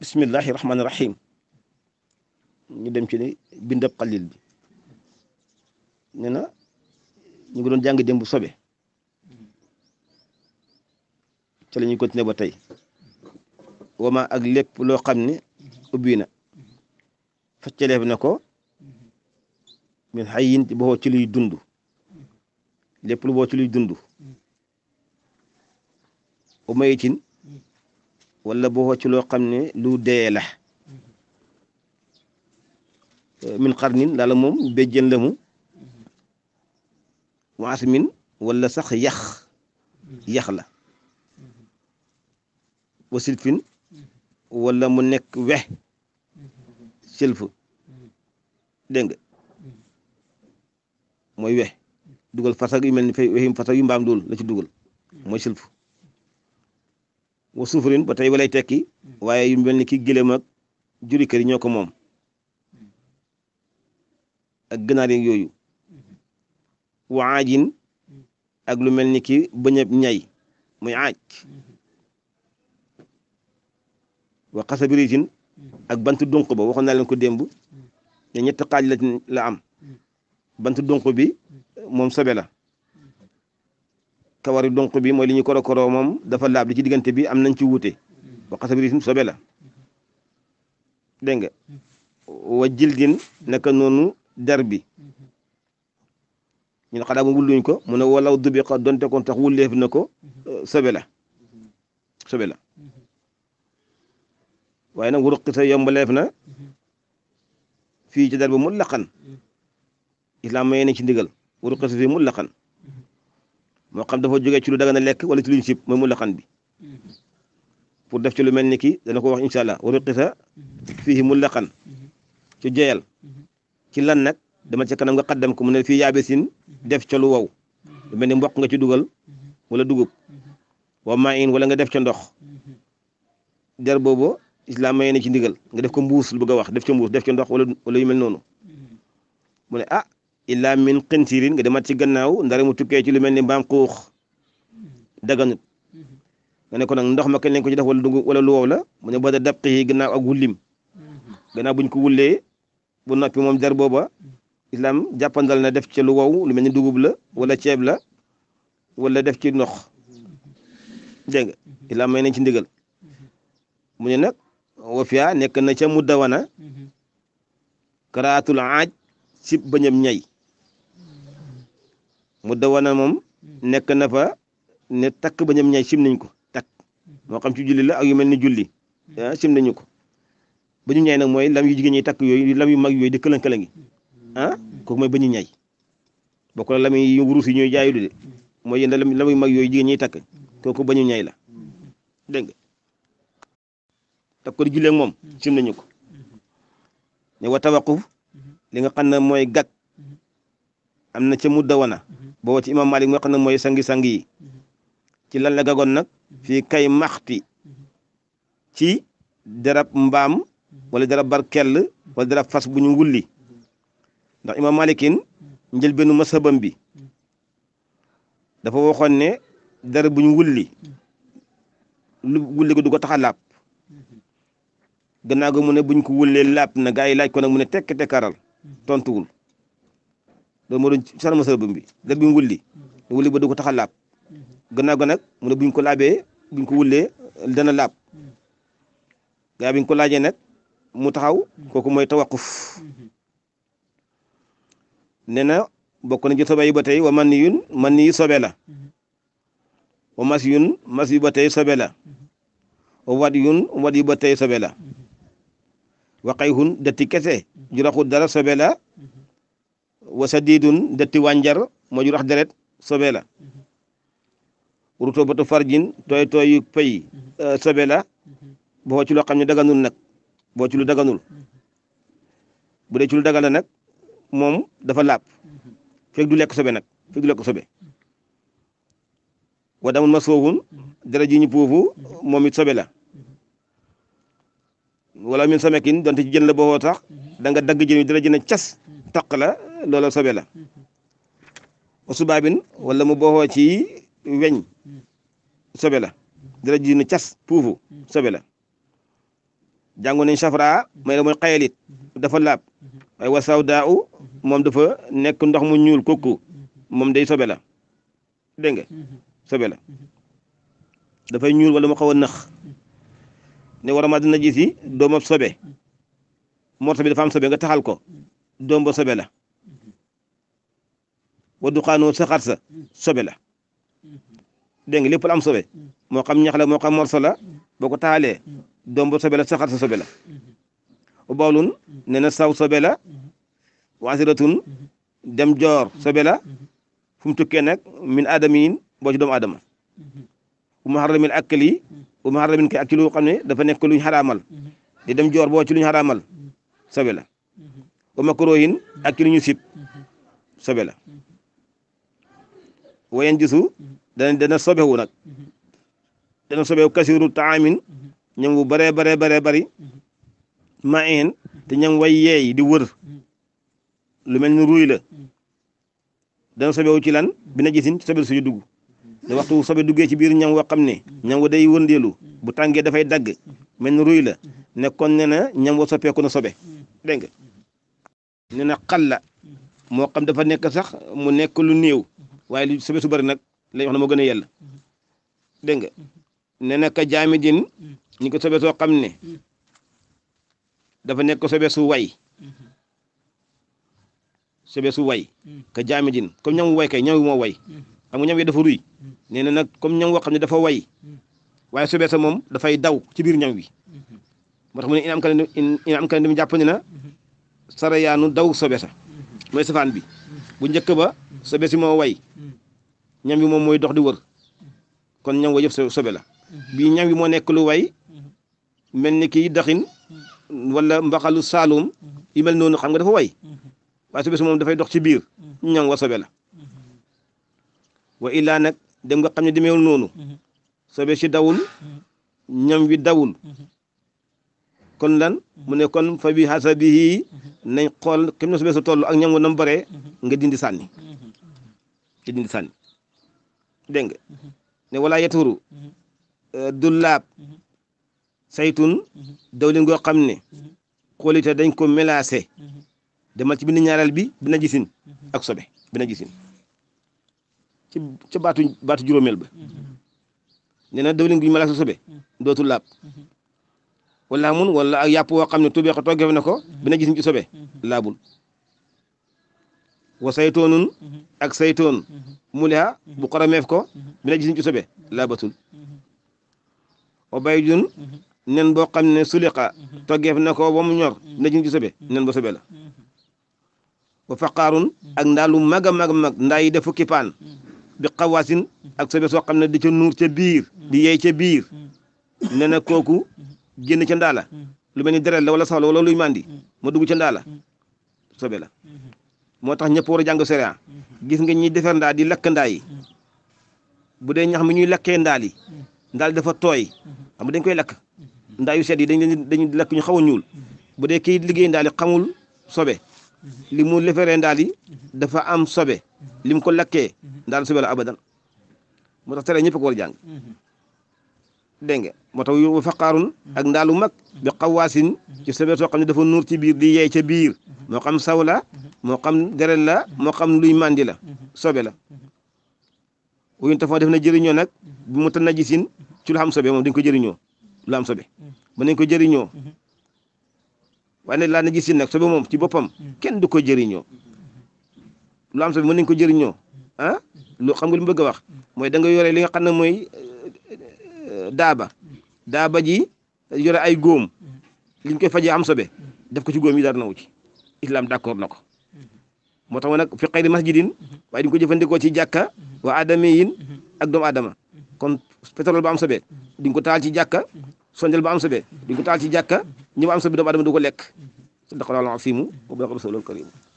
بسم الله الرحمن الرحيم ندم كني بندب قليل بي ننا نقولون جانج دم بصبي تلي نقول نبتي وما أغلب لو قمني أبينا فتلي ابنكو من حيين تبهو تلي دندو لبلو بو تلي دندو وما يتين walla boo ci loo xam ne lu dee la min xarnin lala moom béjjën la mu waas min wala sax yax yax la wa silfin wala mu nekk we silf dégg nga mooy we dugal fasak yu mel ni fay wexim fasak yu mbaam dool la ci dugal mooy silf wa suufurin ba tey walay tekki hmm. waaye yu mel ni ki gëléem ak juri kër ko moom hmm. ak gënaar yooyu hmm. wa aajin ak lu mel ni ki bëñëb ñay muy aaj wa xasabiritin ak bant dunq ba waxoon naa leen ko démb ne ñett xaaj la la am bant dunq bi moom sobe la kawari donq bi mooy li ñu koro moom dafa laab li ci diggante bi am nañ ci wute wa xasabirisim sobe la dégg nga wa jildin naka noonu der bi ñu ne xanaa mu wulluñ ko mu ne walaw dubiqa donte kon tax wulleef na ko sobe la sobe la waaye nag yombaleef na fii ci der bi mu laqan islaam mayee na ci ndigal wuruqita fii mu laqan mo xam dafa joge ci lu dagan a lekk wala ci luñ sib mooy mu laxan bi pour def ci lu melni ni ki dana ko wax inshallah wa ruqisa fihi mu laxan ci jeyal ci lan nak dama ci kanam nga qaddam ko mu ne fii yaabesin def ci lu waw lu mel ni nga ci duggal wala dugub wa ma'in wala nga def ci ndokh der bobo islam mayee na ci ndigal nga def ko mbuus lu bëgg wax def ci mbuus def ci ndokh wala wala yu mel nonu mu ne ah illaa min xinsiirin nga demaat ci gannaaw ndara mu tukkee ci lu mel ni mbaam xuux daganut nga ne ko nag ndox ma kañ lañ ko ci def wala dugub wala lu wow la mu ne ba da dab xixi gannaaw ak wullim gannaaw buñ ko wullee bu noppi moom der booba islam jàppandal na def ci lu wow lu mel ni dugub la wala ceeb la wala def ci ndox dégg nga islam ci ndigal mu ne nag wa fiya nekk na ca muddawana karaatul aaj sib bañam ñay mu dawana moom nekk na fa ne takk ba ñam ñaay sim nañ ko takk moo xam ci julli la ak yu mel ni julli hmm. ah sim nañu ko ba nag mooy lam yu jigéen ñi takk yooyu lam yu mag yooyu di këlan-këlan ko ah mooy ba ñu ñaay la lam yu wurus yi ñooy jaayu de mooy yéen lam yu mag yooyu jigéen ñi takk ko ba ñu ñaay la dégg nga takk ko di julli moom sim nañu ko ne wa tawaquf hmm. li nga xam ne mooy gàkk hmm. am na ca mu dawana booba ci imam malik mi nga xam ne mooy sangi-sang yi ci lan la gagoon nag fii kay maxti ci darab mbaam wala darab barkell wala darab fas bu ñu wulli ndax imam malikin njël benn masabam bi dafa waxoon ne dara bu ñu wulli lu wulli ko du ko tax a laab gannaaw ga mu ne buñ ko wullee laab na gaa yi laaj ko nag mu ne tekk tekkaral tontuwul loolu moo doon sanama sërëbam bi der bi wulli wulli ba du ko tax a laab gannaaw ga nag mu ne buñ ko laabee buñ ko dana laab gaa biñ ko laajee nag mu taxaw kooku mooy tawaquf nee na bokk na ci sobe yi ba tey wa man ni yun man ni sobe la wa mas yun ba tey sobe la wa wad hun datti kese juraxul dara sobe wasa diidun detti wànjar moo jur rax deret sobe la mhm. ruto batu farjin tooy tooy pay mhm. euh, sobe la mhm. boo ci loo xam ne daganul nag boo ci lu daganul bu dee ci lu dagan la nag moom dafa laab fekk du lekk sobe nag fekk du lekk sobe wa damul ma soowun dara ji ñu puufu moom it sobe la wala min samekin donte ci la boo tax da nga dagg jën wi dara jën a taq la loolo sobe la mm-hmm. osubaabin wala mu booxoo ci weñ sobe la dara ji nu cas puufu mm-hmm. sobe la jàngu nañ safra mm-hmm. may la mooy dafa laab waaye wasaw daaw moom dafa nekk ndox mu ñuul kooku moom day sobe la dégg nga sobe la dafay ñuul wala mu xaw a nax ne war a ma dina gis yi doomam sobe morso bi dafa sobe nga taxal ko doom ba sobe la wa duqaanoo sa xar sa sobe la dégg nga lépp la am sobe moo xam ñax la moo xam morso la boo ko taalee doom ba sobe la sa xar sa sobe la ubalun nee na saw sobe la waasiratun dem joor sobe la fu mu tukkee nag min aadamiin boo ci doomu aadama bu ma xaramin akkali bu ma xaramin kay ak ci lu xam ne dafa nekk luñ xaraamal di dem joor boo ci luñ xaraamal sobe la bu ma korooyin ak ci lu ñu sib sobe la wayen gisu dana dana sobewu nag dana sobewu kasiru taamin ñam wu baree baree baree bari ma een te ñam way yeey di wër lu mel ni ruy la dana sobewu ci lan bi na gisin ci sobe suñu dugg te waxtu sobe duggee ci biir ñam wa xam ne ñam wa day wëndeelu bu tàngee dafay dagg mel ni ruy la nekkoon ne na ñam wa soppeeku na sobe dégg nga xal la moo xam dafa nekk sax mu nekk lu néew waaye lu sobe su bëri nag lañ wax ne moo gën a yell dégg nga ne naka jaami ko sobe soo xam ne dafa nekk sobe way sobe way ka jaami din comme ñam way kay moo way xam nga ñam nee na nag comme ñam xam ne dafa way waaye sobe sa moom dafay daw ci biir ñam wi moo tax mu ne ina am kale ina am dem jàpp ne na sarayaanu daw sobe sa mooy safaan bi bu njëkk ba sobe si moo way ñam bi moom mooy dox di wër kon ñam wa yëpp sobe la bii ñam bi moo nekk lu way mel ni kii daxin wala mbaxalu saalum yi mel noonu xam nga dafa way waaye sobe si moom dafay dox ci biir ñam wa sobe la wa illaa nag dem nga xam ne demeewul noonu sobe si dawul ñam wi dawul kon lan mu ne kon fa bi hasabihi nañ xool kem na su beesu toll ak ñam na bare nga dindi sànni nga dindi sànni dégg nga ne wala yaturu euh, du laab saytun dawlin goo xam ne xoolite dañ ko mélancé demal ci bind ñaareel bi bi na gisin ak sobe bi na gisin ci baatu baatu juróomeel ba mhm. nee na dawlin guñu mélancé sobe dootul laab wala amun wala ak yàpp woo xam ne tubee ko toggeef na ko bina gis ci sobe laabul wa saytoonun ak saytoon muliha bu xoromeef ko bina gis ci sobe laabatul wa baydun nen boo xam ne suliqa toggeef na ko ba mu ñor bina gis ci sobe nen ba sobe la wa faqaarun ak ndaa lu mag a mag mag ndaa yi def fukki paan bi xawaasin ak sobe soo xam ne di ca nuur ca biir di yey ca biir nee na kooku génn ca ndaa la mm. lu mel ni deret la wala sax la luy mandi mm. ma dugg ca ndaa la mm. sobe la mm-hmm. moo tax ñëpp war a jàng sariya mm-hmm. gis nga ñi defar ndaa di lakk ndaa yi dee ñax mi ñuy lakkee ndaal yi dafa tooy mm-hmm. xam dañ koy lakk ndaa yi dañ dañu lakk ñu xaw a ñuul bu dee kii liggéey ndaal xamul sobe li mu leferee ndaal yi dafa am sobe li mu ko lakkee ndaal sobe la abadan moo tax tere ñëpp ko war jàng dégg nga moo tax yu faqaarun ak ndaalu mag bi xawaasin ci sabet soo xam ne dafa nuur ci biir di yeey ca biir moo xam saw la moo xam deret la moo xam luy mandi la sobe la wuyun tafon def na jëriñoo nag bu mu tan na gisin ci lu xam sobe moom dañ ko jëriñoo lu am sobe ko jëriñoo waaye nag laa na gisin nag sobe moom ci boppam kenn du ko jëriñoo lu am sobe mën nañ ko jëriñoo ah lu xam nga li mu bëgg a wax daaba daaba ji yore ay góom liñ koy fajee am sobe def ko ci góom yi dara na ci islam d'accord na ko moo tax ma nag fi xayri masjidin waaye dañ ko jëfandikoo ci jàkka waa aadama yin ak doomu aadama kon pétrole ba am sobe duñ ko taal ci jàkka sondel ba am sobe duñ ko taal ci jàkka ñi ba am sobe doomu aadama du ko lekk sadaqallaahu al-aziim wa sadaqa rasuuluhu al-kariim